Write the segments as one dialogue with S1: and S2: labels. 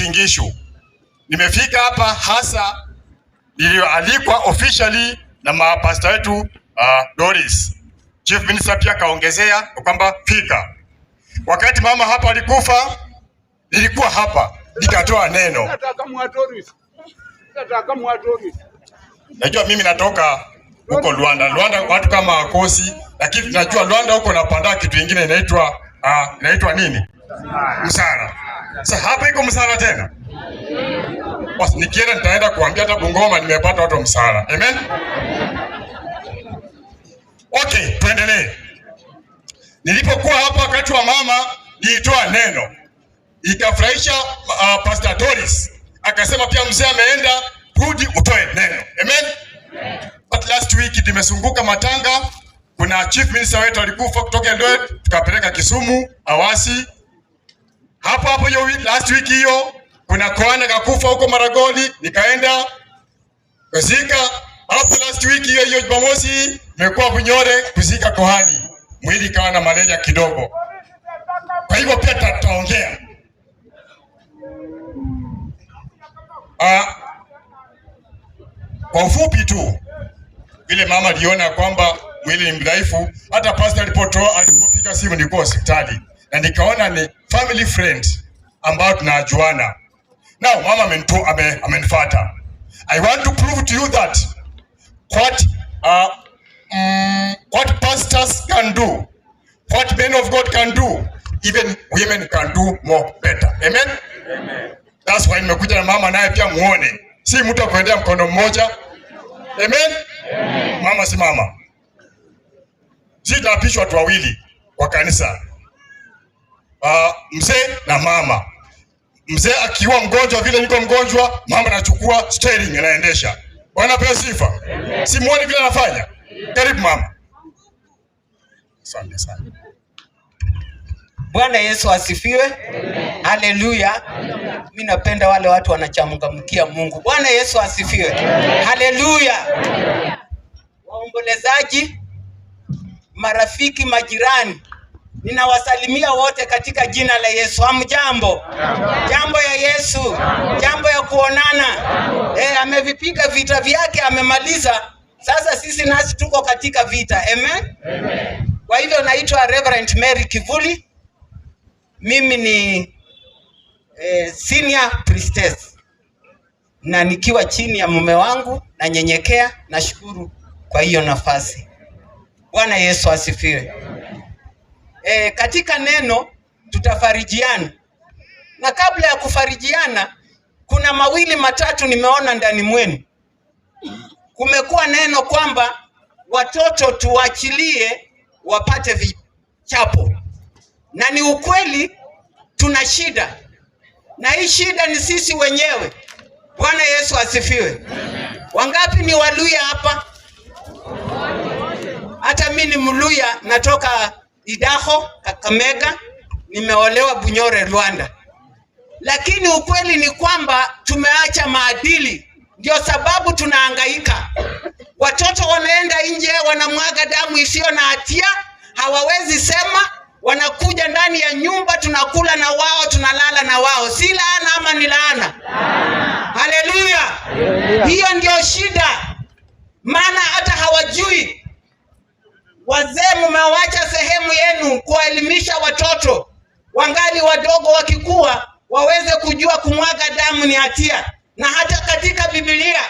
S1: Tingishu. Nimefika hapa hasa nilioalikwa officially na mapasta wetu uh, Doris. Chief Minister pia kaongezea kwamba fika. Wakati mama hapa alikufa, nilikuwa hapa nikatoa neno. Najua mimi natoka huko Luanda. Luanda watu kama wakosi, lakini najua Luanda huko napanda kitu kingine inaitwa uh, inaitwa nini? Usara. Sasa hapa iko msala tena. Basi nikienda nitaenda kuambia hata Bungoma nimepata watu msala. Amen. Okay, tuendelee. Nilipokuwa hapa wakati wa mama nilitoa neno. Ikafurahisha uh, Pastor Doris akasema pia mzee ameenda rudi utoe neno. Amen. But last week tumezunguka Matanga, kuna chief minister wetu alikufa kutoka Eldoret, tukapeleka Kisumu, Awasi hapo hapo hiyo last week hiyo, kuna kwana kakufa huko Maragoli, nikaenda kuzika. Hapo last week hiyo hiyo Jumamosi nimekuwa Bunyore kuzika kohani, mwili kawa na malaria kidogo. Kwa hivyo pia tutaongea ah, kwa ufupi tu vile mama aliona kwamba mwili ni mdhaifu. Hata pastor alipotoa alipopiga simu, nilikuwa hospitali na nikaona ni family friend ambao tunajuana. Now mama amenitu, ame, amenifuata. I want to prove to you that what uh, mm, what pastors can do, what men of God can do, even women can do more better. Amen? Amen. That's why nimekuja na mama naye pia muone. Si mtu akuendea mkono mmoja. Amen? Amen. Mama si mama. Sitaapishwa watu wawili kwa kanisa uh, mzee na mama. Mzee akiwa mgonjwa vile niko mgonjwa, mama anachukua steering anaendesha. Bwana pewe sifa. Simuoni vile anafanya. Karibu mama. Asante
S2: sana. Bwana Yesu asifiwe. Haleluya. Mimi napenda wale watu wanachamgamkia Mungu. Bwana Yesu asifiwe. Haleluya. Waombolezaji, marafiki, majirani Ninawasalimia wote katika jina la Yesu. Hamjambo? Jambo ya Yesu, jambo ya kuonana. Eh, amevipiga vita vyake, amemaliza. Sasa sisi nasi tuko katika vita. Amen, amen. Kwa hivyo naitwa Reverend Mary Kivuli, mimi ni eh, senior priestess na nikiwa chini ya mume wangu nanyenyekea. Nashukuru kwa hiyo nafasi. Bwana Yesu asifiwe e, katika neno tutafarijiana, na kabla ya kufarijiana kuna mawili matatu nimeona ndani mwenu. Kumekuwa neno kwamba watoto tuachilie wapate vichapo, na ni ukweli, tuna shida na hii shida ni sisi wenyewe. Bwana Yesu asifiwe. Wangapi ni Waluya hapa? Hata mimi ni Mluya, natoka Idaho, Kakamega, nimeolewa Bunyore, Rwanda. Lakini ukweli ni kwamba tumeacha maadili, ndio sababu tunahangaika. Watoto wanaenda nje, wanamwaga damu isiyo na hatia, hawawezi sema, wanakuja ndani ya nyumba, tunakula na wao, tunalala na wao. Si laana ama ni laana? Haleluya! Hiyo ndio shida. kuwaelimisha watoto wangali wadogo, wakikuwa waweze kujua kumwaga damu ni hatia, na hata katika Biblia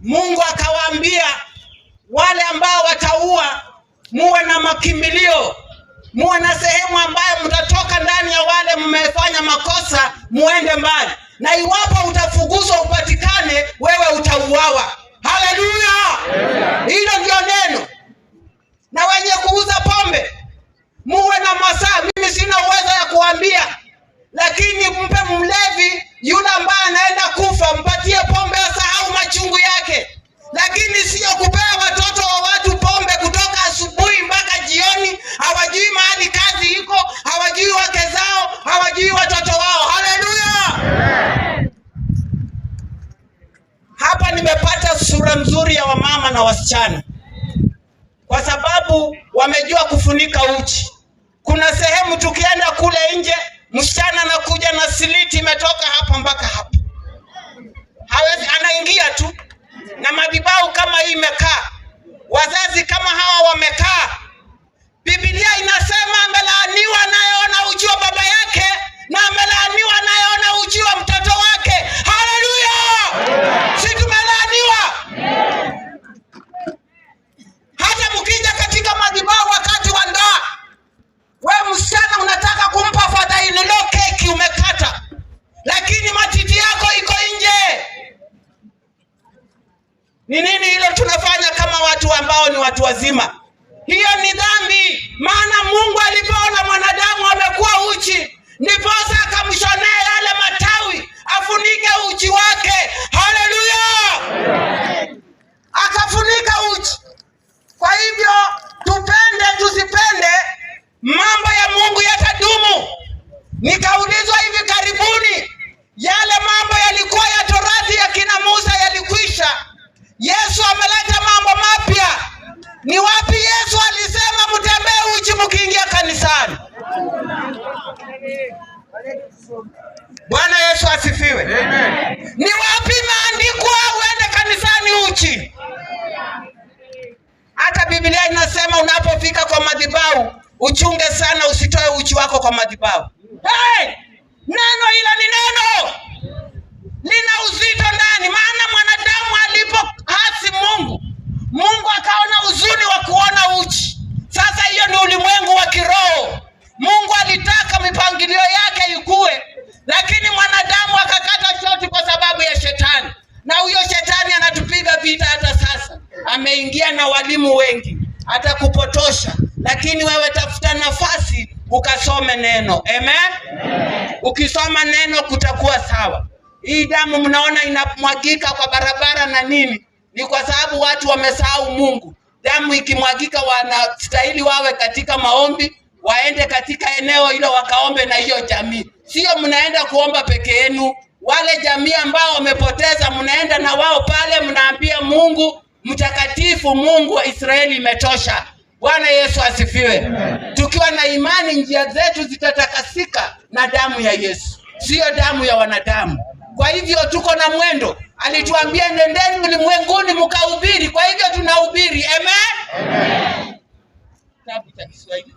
S2: Mungu akawaambia wale ambao wataua, muwe na makimbilio, muwe na sehemu ambayo mtatoka ndani ya wale mmefanya makosa, muende mbali, na iwapo utafuguzwa upatikane, wewe utauawa. Haleluya! Hilo ndio neno. Na wenye kuuza pombe muwe na masaa. Mimi sina uwezo ya kuambia, lakini mpe mlevi yule ambaye anaenda kufa, mpatie pombe asahau machungu yake, lakini sio kupea watoto wa watu pombe kutoka asubuhi mpaka jioni. Hawajui mahali kazi iko, hawajui wake zao, hawajui watoto wao. Haleluya! Hapa nimepata sura nzuri ya wamama na wasichana kwa sababu wamejua kufunika uchi. Kuna sehemu tukienda kule nje, msichana anakuja na siliti imetoka hapa mpaka hapa, hawezi, anaingia tu na madibau kama hii imekaa wazazi wazima Bwana Yesu asifiwe. Amen. Ni wapi maandiko uende kanisani uchi? Hata Biblia inasema unapofika kwa madhabahu uchunge sana usitoe uchi wako kwa madhabahu. Hey! ameingia na walimu wengi, atakupotosha, lakini wewe tafuta nafasi ukasome neno. Amen, amen. Ukisoma neno kutakuwa sawa. Hii damu mnaona inamwagika kwa barabara na nini, ni kwa sababu watu wamesahau Mungu. Damu ikimwagika, wanastahili wawe katika maombi, waende katika eneo hilo wakaombe na hiyo jamii. Sio mnaenda kuomba peke yenu, wale jamii ambao wamepoteza, mnaenda na wao pale, mnaambia Mungu mtakatifu, Mungu wa Israeli, imetosha. Bwana Yesu asifiwe. Tukiwa na imani, njia zetu zitatakasika na damu ya Yesu, siyo damu ya wanadamu. Kwa hivyo tuko na mwendo, alituambia nendeni ulimwenguni mkahubiri. Kwa hivyo tunahubiri. Amen, Amen. Kitabu cha Kiswahili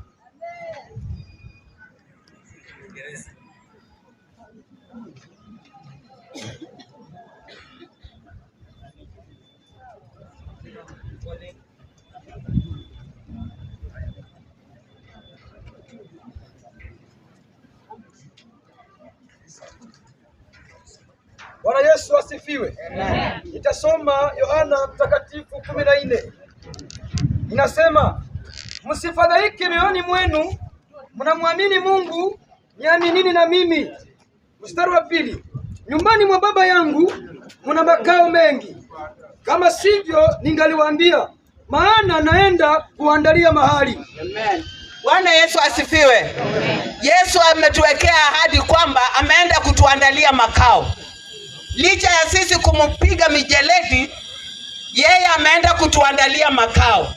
S2: Bwana Yesu asifiwe. Nitasoma Yohana mtakatifu kumi na nne inasema, msifadhaike mioyoni mwenu, mnamwamini Mungu, niaminini na mimi. Mstari wa pili, nyumbani mwa Baba yangu muna makao mengi kama sivyo ningaliwaambia, maana naenda kuandalia mahali. Amen. Bwana Yesu asifiwe. Amen. Yesu ametuwekea ahadi kwamba ameenda kutuandalia makao. Licha ya sisi kumpiga mijeledi, yeye ameenda kutuandalia makao.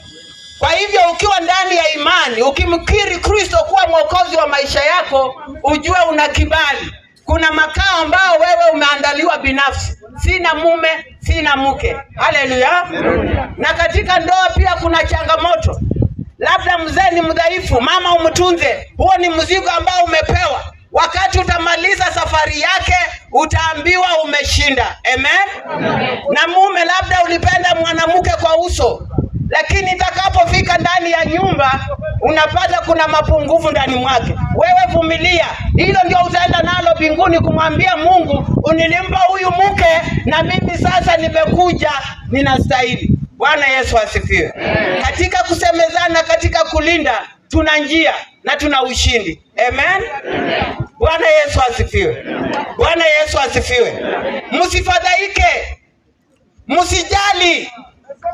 S2: Kwa hivyo ukiwa ndani ya imani, ukimkiri Kristo kuwa mwokozi wa maisha yako, ujue una kibali. Kuna makao ambao wewe umeandaliwa binafsi. Sina mume, sina mke. Haleluya! Na katika ndoa pia kuna changamoto, labda mzee ni mdhaifu, mama umtunze. Huo ni mzigo ambao umepewa. Wakati utamaliza safari yake utaambiwa umeshinda. Amen, amen. Na mume labda ulipenda mwanamke kwa uso, lakini itakapofika ndani ya nyumba unapata kuna mapungufu ndani mwake. Wewe vumilia, hilo ndio utaenda nalo mbinguni kumwambia Mungu, unilimpa huyu mke na mimi sasa nimekuja, ninastahili. Bwana Yesu asifiwe. Katika kusemezana, katika kulinda, tuna njia na tuna ushindi. Amen. Bwana Yesu asifiwe. Bwana Yesu asifiwe. Msifadhaike, msijali,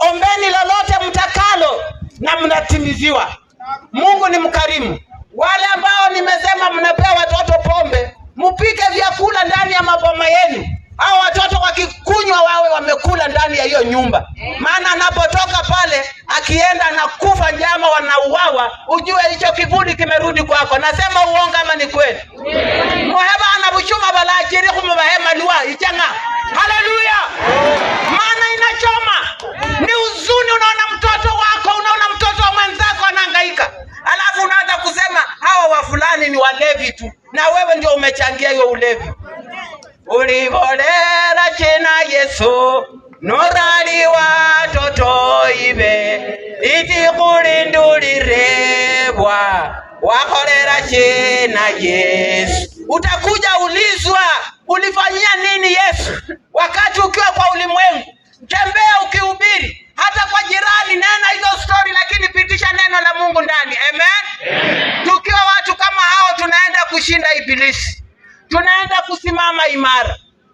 S2: ombeni lolote mtakalo na mnatimiziwa. Mungu ni mkarimu. Wale ambao nimesema mnapewa watoto pombe, mpike vyakula ndani ya maboma yenu. Hao watoto wakikunywa wawe wamekula ndani ya hiyo nyumba, maana anapotoka pale akienda kufa njama, wanauawa, ujue hicho kivuli kimerudi kwako. Nasema uongo ama ni kweli? muheva anavuchuma valaachirihumu vahema liwa ichanga. Haleluya! maana inachoma, ni uzuni Unaona mtoto wako, unaona mtoto wa mwenzako anaangaika alafu unaanza kusema hawa wa fulani ni walevi tu, na wewe ndio umechangia hiyo ulevi. ulivolela chena Yesu norali watoto ibe itikulindulirevwa wakolera chena Yesu. Utakuja ulizwa ulifanyia nini Yesu wakati ukiwa kwa ulimwengu, tembea ukihubiri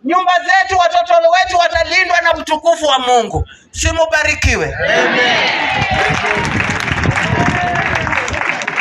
S2: nyumba zetu, watoto wetu watalindwa na utukufu wa Mungu. Simubarikiwe, amen.